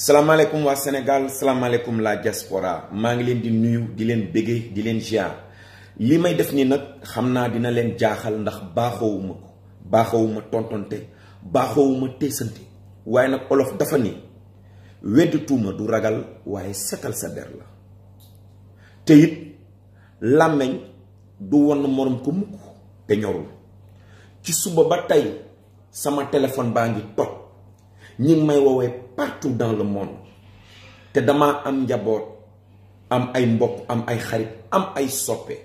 salaamaaleykum waa Sénégal salaamaaleykum la diaspora maa ngi leen di nuyu di leen bëggee di leen ziar li may def nii nag xam naa dina leen jaaxal ndax baaxoowuma ko baaxoowuma tontonte baaxoowuma teesante waaye nag olof dafa ni wedd du ragal waaye setal sa der la te it làmmeñ du won moroom ko mukk te ñorul ci suba ba tey sama téléphone baa ngi toj ñi ngi may wowe partout dans le monde te dama am njabot am ay mbokk am ay xarit am ay soppé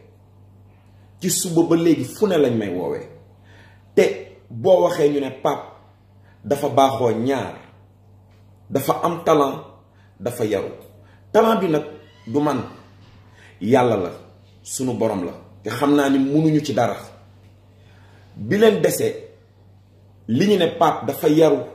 ci suba ba légui fune lañ may wowe te bo waxé ñu né pap dafa baxo ñaar dafa am talent dafa yaru talent bi nak du man yalla la suñu borom la té xamna ni ni ñu ci dara bi leen déssé liñu né pap dafa yaru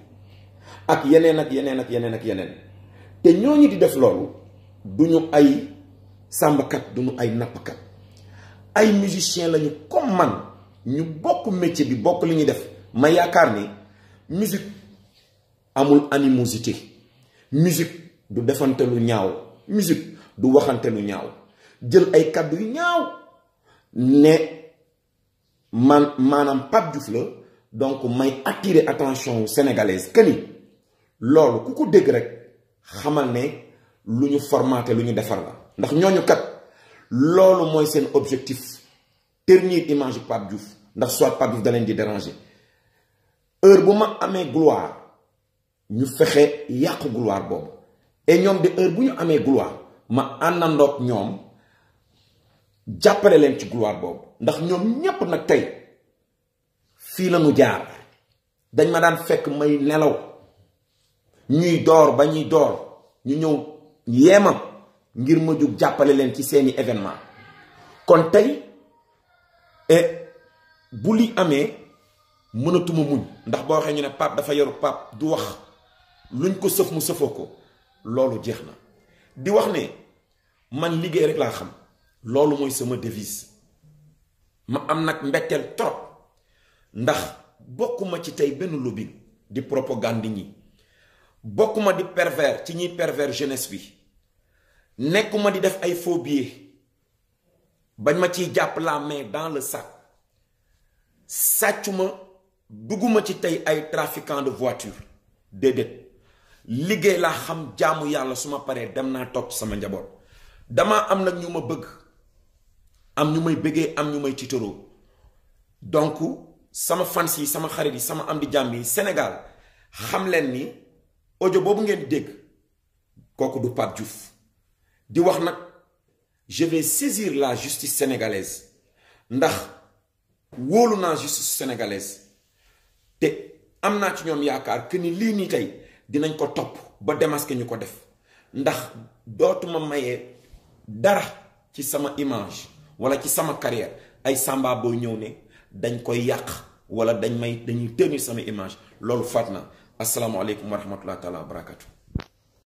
ak yenen ak yenen ak yenen ak yenen té ñooñu di def loolu du ay sambakat du ay ay musiciens lañu comme man ñu bokk métier bi bokk li def ma ni musique amul animosité musique du defante lu ñaaw musique du waxante ñaaw jël ay ñaaw ne man manam pap Diouf la donc may attirer attention sénégalaise que loolu kuku deg rek xamal ne luñu ñu formaté la ndax kat objectif Dernier image Pape Diouf ndax soit Pape Diouf da di déranger heure ma gloire ñu nous yaq gloire bob. et de heure gloire ma anandot ñom jappalé leen ci gloire bob. ndax ñom ñep nak tay fi la jaar dañ ma daan ñuy door ba ñuy door ñu ñëw yeemam ngir ma jug jàppale leen ci seeni événement kon tey e, bu li amee mënatuma muñ ndax boo waxee ñu ne Pape dafa yaru Pape du wax luñ ko sëf mu sëfoo ko loolu jeex na di wax ne man liggéey rek laa xam loolu mooy sama devise ma am nag mbetteel trop ndax bokkuma ci tey benn lobby di propagande ñi bokkuma di pervers ci ñuy perver jeunesse bi nekkuma di def ay faux bañ ma ciy jàpp la main dans le sac sàccuma dugguma ci tey ay trafiquant de voiture déedéet liggéey laa xam jaamu yàlla su ma paree dem naa toog sama njaboot damaa am nag ñu ma bëgg am ñu may bëggee am ñu may tiitaroo donc sama fans yi sama xarit yi sama am di jàmm yi Sénégal xam leen ni audio saisir ngeen dégg kooku du Pape di wax nag je vais saisir la justice sénégalaise ndax wóolu la justice sénégalaise te am ci ñoom yaakaar que ni lii dinañ ko topp ba démasqué ñu def ndax dara ci sama image wala ci sama carrière ay Samba bo ñëw ne dañ koy yàq wala dañ may dañuy tenir sama image loolu fatna. asalaamualeykum wa rahmatulah taalaa wa barakatu.